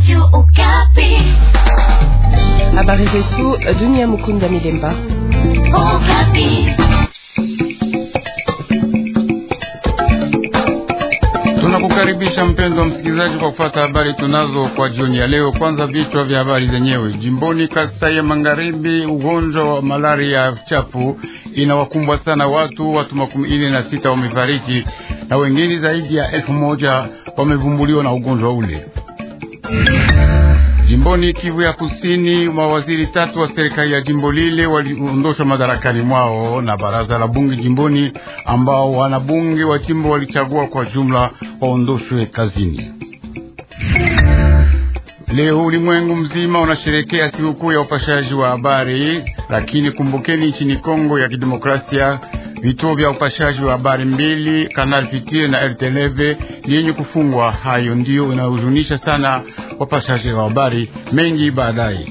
Radio Okapi. Habari zetu dunia, Mukunda Milemba. Okapi. Tunakukaribisha mpendwa msikilizaji kwa kufuata habari tunazo kwa jioni ya leo. Kwanza vichwa vya habari zenyewe. Jimboni Kasai ya Magharibi, ugonjwa wa malaria chafu inawakumbwa sana watu, watu makumi ine na sita wamefariki na wengine zaidi ya elfu moja wamevumbuliwa na ugonjwa ule. Jimboni Kivu ya Kusini, mawaziri tatu wa serikali ya jimbo lile waliondoshwa madarakani mwao na baraza la bunge jimboni, ambao wanabunge wa jimbo walichagua kwa jumla waondoshwe kazini. Leo ulimwengu mzima unasherekea sikukuu ya upashaji wa habari, lakini kumbukeni, nchini Kongo ya Kidemokrasia vituo vya upashaji wa habari mbili Kanal Pitie na RTLV yenye kufungwa. Hayo ndiyo inayohuzunisha sana wapashaji wa habari mengi. Baadaye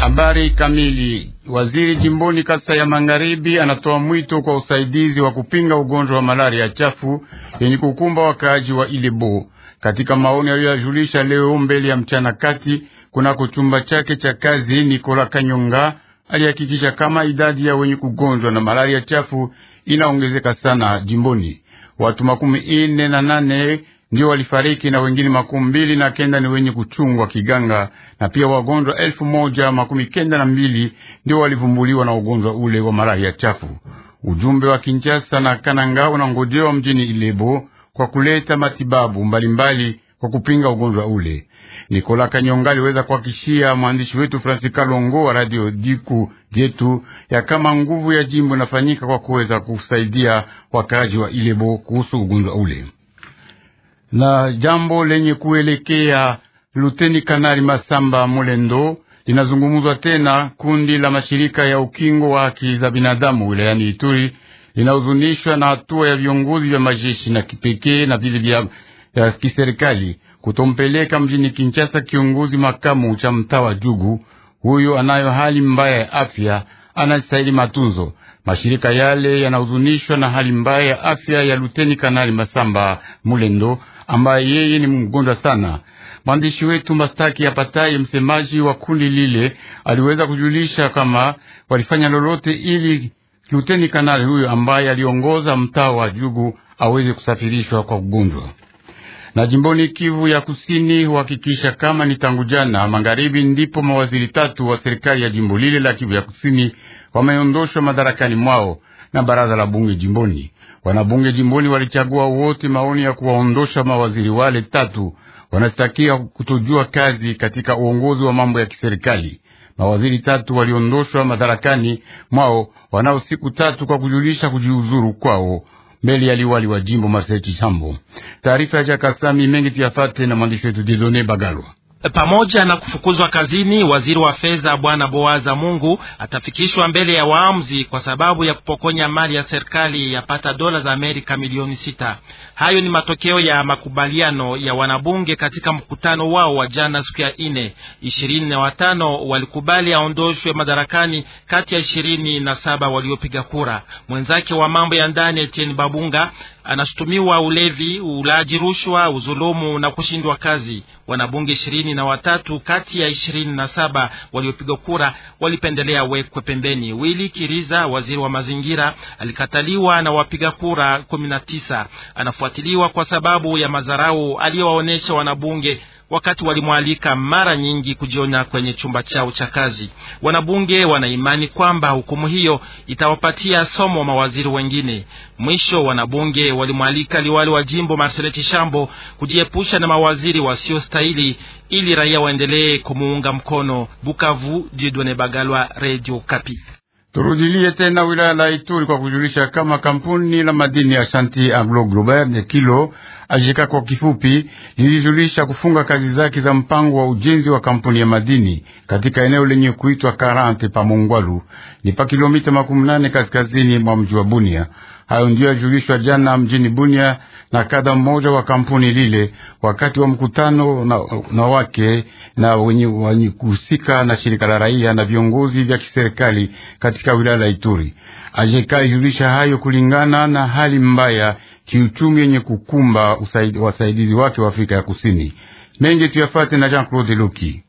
habari kamili. Waziri jimboni kasa ya Magharibi anatoa mwito kwa usaidizi wa kupinga ugonjwa wa malaria chafu yenye kukumba wakaaji wa Ilebo. Katika maoni aliyoyajulisha leo mbele ya mchana kati kunako chumba chake cha kazi, Nikola Kanyonga alihakikisha kama idadi ya wenye kugonjwa na malaria chafu inaongezeka sana jimboni. Watu makumi ine na nane ndio walifariki na wengine makumi mbili na kenda ni wenye kuchungwa kiganga, na pia wagonjwa elfu moja makumi kenda na mbili ndio walivumbuliwa na ugonjwa ule wa malaria chafu. Ujumbe wa kinchasa na Kananga unangojewa mjini Ilebo kwa kuleta matibabu mbalimbali mbali kwa kupinga ugonjwa ule. Nikola Kanyonga aliweza kuhakishia mwandishi wetu Francis Kalongo wa Radio Diku yetu ya kama nguvu ya jimbo inafanyika kwa kuweza kusaidia wakaaji wa Ilebo kuhusu ugonjwa ule, na jambo lenye kuelekea Luteni kanari Masamba Mulendo linazungumzwa tena. Kundi la mashirika ya ukingo wa haki za binadamu wilayani Ituri linahuzunishwa na hatua ya viongozi vya majeshi na kipekee na vile vya ya kiserikali kutompeleka mjini Kinshasa kiongozi makamu cha mtaa wa Jugu. Huyo anayo hali mbaya ya afya, anastahili matunzo. Mashirika yale yanahuzunishwa na hali mbaya ya afya ya luteni kanali Masamba Mulendo ambaye yeye ni mgonjwa sana. Mwandishi wetu Mastaki Apataye, msemaji wa kundi lile, aliweza kujulisha kama walifanya lolote ili luteni kanali huyo ambaye aliongoza mtaa wa Jugu aweze kusafirishwa kwa ugonjwa na jimboni Kivu ya Kusini huhakikisha kama ni tangu jana magharibi ndipo mawaziri tatu wa serikali ya jimbo lile la Kivu ya Kusini wameondoshwa madarakani mwao na baraza la bunge jimboni. Wanabunge jimboni walichagua wote maoni ya kuwaondosha mawaziri wale tatu, wanastakia kutojua kazi katika uongozi wa mambo ya kiserikali. Mawaziri tatu waliondoshwa madarakani mwao wanao siku tatu kwa kujulisha kujiuzuru kwao mbele ya liwali wa jimbo Marcel Chishambo. Taarifa ya Chakasami mengi tuyafate na mwandishi wetu Didone Bagalwa. Pamoja na kufukuzwa kazini, waziri wa fedha Bwana Boaza Mungu atafikishwa mbele ya waamuzi kwa sababu ya kupokonya mali ya serikali yapata dola za Amerika milioni sita. Hayo ni matokeo ya makubaliano ya wanabunge katika mkutano wao wa jana siku ya ine. Ishirini na watano walikubali aondoshwe madarakani kati ya ishirini na saba waliopiga kura. Mwenzake wa mambo ya ndani Etienne Babunga anashutumiwa ulevi, ulaji rushwa, uzulumu na kushindwa kazi. Wanabunge ishirini na watatu kati ya ishirini na saba waliopigwa kura walipendelea wekwe pembeni. wili Kiriza, waziri wa mazingira, alikataliwa na wapiga kura kumi na tisa. Anafuatiliwa kwa sababu ya madharau aliyowaonyesha wanabunge wakati walimwalika mara nyingi kujiona kwenye chumba chao cha kazi. Wanabunge wanaimani kwamba hukumu hiyo itawapatia somo mawaziri wengine. Mwisho, wanabunge walimwalika liwali wa jimbo Marcel Tishambo kujiepusha na mawaziri wasiostahili ili raia waendelee kumuunga mkono. Bukavu, Dieudonne Bagalwa, Redio Kapi. Turudilie tena wilaya la Ituri kwa kujulisha kama kampuni la madini ya Shanti Anglo Global ya Kilo ajika kwa kifupi lilijulisha kufunga kazi zake za mpango wa ujenzi wa kampuni ya madini katika eneo lenye kuitwa Karante pa Mongwalu, ni pa kilomita makumi nane kaskazini mwa mji wa Bunia. Hayo ndiyo yajulishwa jana mjini Bunia na kada mmoja wa kampuni lile wakati wa mkutano na, na wake na wenye, wenye kuhusika na shirika la raia na viongozi vya kiserikali katika wilaya la Ituri. Ajeka ijulisha hayo kulingana na hali mbaya kiuchumi yenye kukumba usaid, wasaidizi wake wa Afrika ya Kusini. Mengi tuyafate na Jean Claude Luki.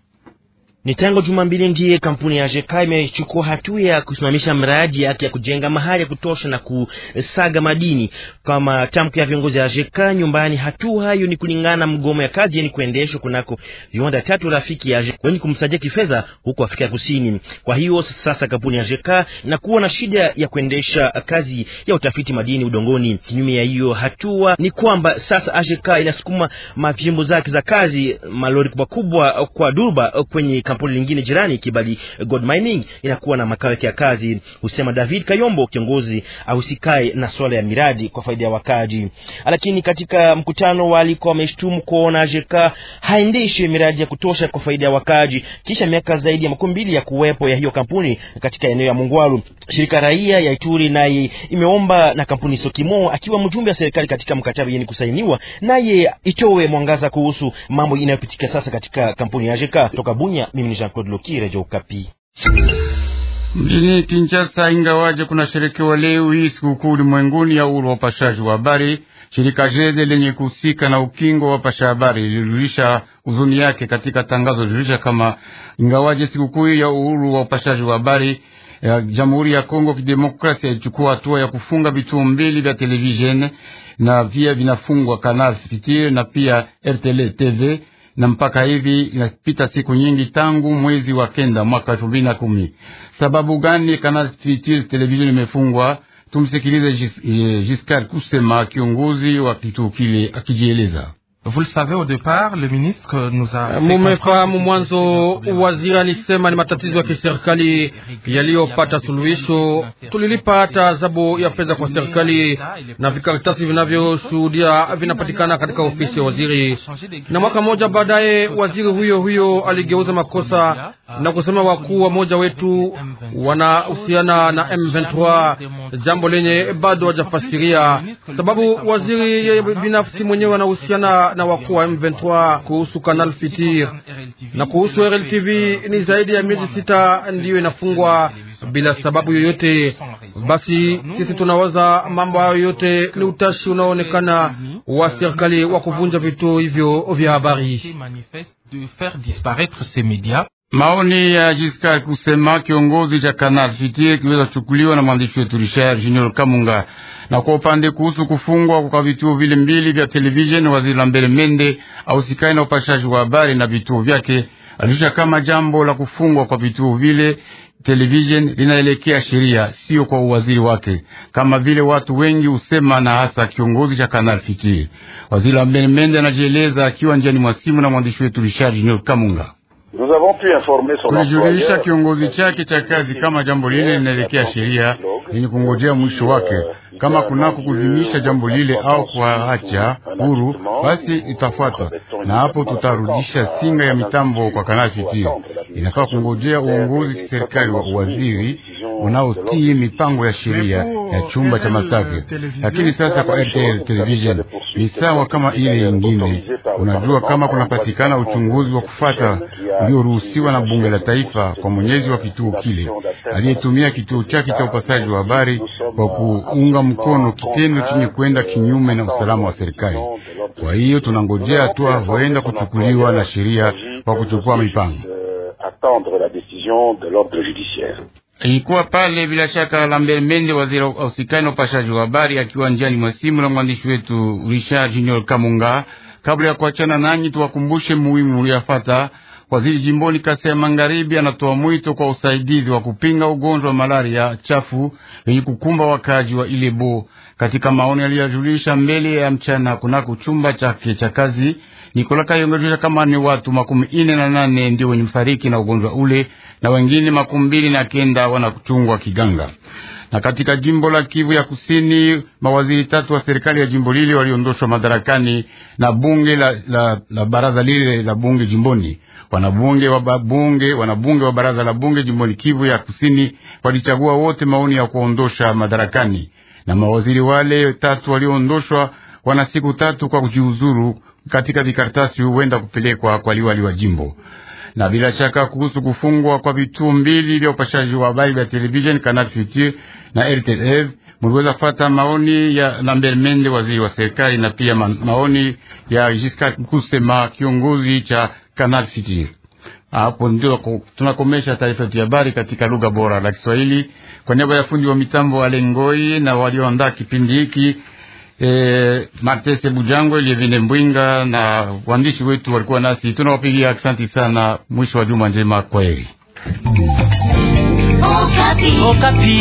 Ni tangu juma mbili ndiye kampuni ya JK imechukua hatua ya kusimamisha mradi yake ya kujenga mahali ya kutosha na kusaga madini, kama tamko ya viongozi ya JK nyumbani. Hatua hiyo ni kulingana na mgomo ya kazi yenye kuendeshwa kunako viwanda tatu rafiki ya JK wenye kumsaidia kifedha huko Afrika ya Kusini. Kwa hiyo sasa kampuni ya JK inakuwa na shida ya kuendesha kazi ya utafiti madini udongoni. Kinyume ya hiyo hatua ni kwamba sasa JK inasukuma mavyombo zake za kazi, malori kubwa kubwa kwa Durba kwenye kampuni lingine jirani Kibali Gold Mining inakuwa na makao yake ya kazi, husema David Kayombo, kiongozi ahusikae na swala ya miradi kwa faida ya wakaji. Lakini katika mkutano waalikwa wameshtumu kuona JK haendeshi miradi ya kutosha kwa faida ya wakaji kisha miaka zaidi ya makumi mbili ya kuwepo ya hiyo kampuni katika eneo ya Mungwalu. Shirika raia ya Ituri naye imeomba na kampuni Sokimo akiwa mjumbe wa serikali katika mkataba yenye kusainiwa naye itowe mwangaza kuhusu mambo inayopitika sasa katika kampuni ya JK toka Bunya. Mimi ni Jean Claude Loki, Radio Okapi. Mjini Kinshasa, ingawaje kunasherekewa leo hii sikukuu ulimwenguni ya uhuru wa upashaji wa habari, shirika Jede lenye kuhusika na ukingo wa pasha habari lilirudisha huzuni yake katika tangazo lilirudisha kama ingawaje sikukuu ya uhuru wa upashaji wa habari ya eh, Jamhuri ya Kongo Kidemokrasia ilichukua hatua ya kufunga vituo mbili vya televisheni na via vinafungwa Canal Fitir na pia RTL TV na mpaka hivi inapita siku nyingi tangu mwezi wa kenda mwaka elfu mbili na kumi. Sababu gani kanali Future Television imefungwa? Tumsikilize eh, Giscard Kusema, kiongozi wa kituo kile, akijieleza. Vous le savez, au départ, le ministre nous a... Mumefahamu mwanzo, waziri alisema ni matatizo ya kiserikali yaliyopata suluhisho. Tulilipa hata adhabu ya fedha kwa serikali, na vikaratasi vinavyoshuhudia vinapatikana katika ofisi ya waziri. Na mwaka mmoja baadaye, waziri huyo huyo aligeuza makosa na kusema wakuu wa moja wetu wanahusiana na M23, jambo lenye bado hajafasiria, sababu waziri yeye binafsi mwenyewe anahusiana na wakuu wa M23 kuhusu Kanal Fitir na kuhusu RLTV ni zaidi ya miezi sita ndiyo inafungwa bila sababu yoyote. Basi sisi tunawaza mambo hayo yote ni utashi unaoonekana wa serikali wa kuvunja vituo hivyo vya habari. Maoni ya Jiska kusema kiongozi cha Kanal Fitir kiweza kuchukuliwa na mwandishi wetu Richard Junior Kamunga. Na kwa upande kuhusu kufungwa kwa vituo vile mbili vya televisheni, waziri Lambert Mende ausikae na upashaji wa habari na vituo vyake alisha kama jambo la kufungwa kwa vituo vile televisheni linaelekea sheria, sio kwa uwaziri wake, kama vile watu wengi usema na hasa kiongozi cha Kanal Fikiri. Waziri Lambert Mende anajieleza akiwa njiani mwa simu na mwandishi wetu Richard Nyokamunga. Kamunga tulijulisha kiongozi chake cha kazi kama jambo lile linaelekea sheria yenye kungojea mwisho wake. Euh, kama kunako kuzimisha jambo lile au kuacha huru, basi itafuata na hapo, tutarudisha singa ya mitambo kwa kanali Fitir. Inafaa kungojea uongozi kiserikali wa uwaziri unaotii mipango ya sheria ya chumba cha masafi. Lakini sasa kwa RTL television ni sawa kama ile yingine. Unajua, kama kunapatikana uchunguzi wa kufata ulioruhusiwa na bunge la taifa kwa mwenyezi wa kituo kile aliyetumia kituo chake cha upasaji wa habari kwa kuunga mkono kitendo chenye kwenda kinyume na usalama wa serikali. Kwa hiyo tunangojea hatua huenda kuchukuliwa na sheria kwa kuchukua mipango. Ilikuwa pale bila shaka Lambert Mende, waziri wa usikani na upashaji wa habari, akiwa njiani mwa simu na mwandishi wetu Richard Junior Kamunga. Kabla ya kuachana nanyi, tuwakumbushe muhimu uliyafata Waziri jimboni Kasai ya Magharibi anatoa mwito kwa usaidizi wa kupinga ugonjwa wa malaria chafu yenye kukumba wakaji wa Ilebo. Katika maoni aliyojulisha mbele ya mchana kunako chumba chake cha kazi, Nikola Kayongejulisha kama ni watu makumi ine na nane ndio wenye mfariki na ugonjwa ule na wengine makumi mbili na kenda wanachungwa kiganga. Na katika jimbo la Kivu ya Kusini, mawaziri tatu wa serikali ya jimbo lile waliondoshwa madarakani na bunge la, la, la baraza lile la bunge jimboni. Wanabunge wa bunge, wanabunge wa baraza la bunge jimboni Kivu ya Kusini walichagua wote maoni ya kuondosha madarakani, na mawaziri wale tatu walioondoshwa wana siku tatu kwa kujiuzuru katika vikaratasi huenda kupelekwa kwa liwali wa jimbo na bila shaka kuhusu kufungwa kwa vituo mbili vya upashaji wa habari vya television Canal Future na RTF. muliweza kufata maoni ya Lambert Mende, waziri wa serikali, na pia maoni ya Giscard Kusema, kiongozi cha Canal Future. Hapo ndio tunakomesha taarifa ya habari katika lugha bora la Kiswahili. Kwa niaba ya fundi wa mitambo Alengoi na walioandaa kipindi hiki eh, Martese Bujangwe, Lievine Mbwinga na waandishi wetu walikuwa nasi. Tunawapigia asante sana, mwisho wa juma njema, kwaheri. Okapi. Okapi.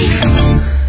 Eh.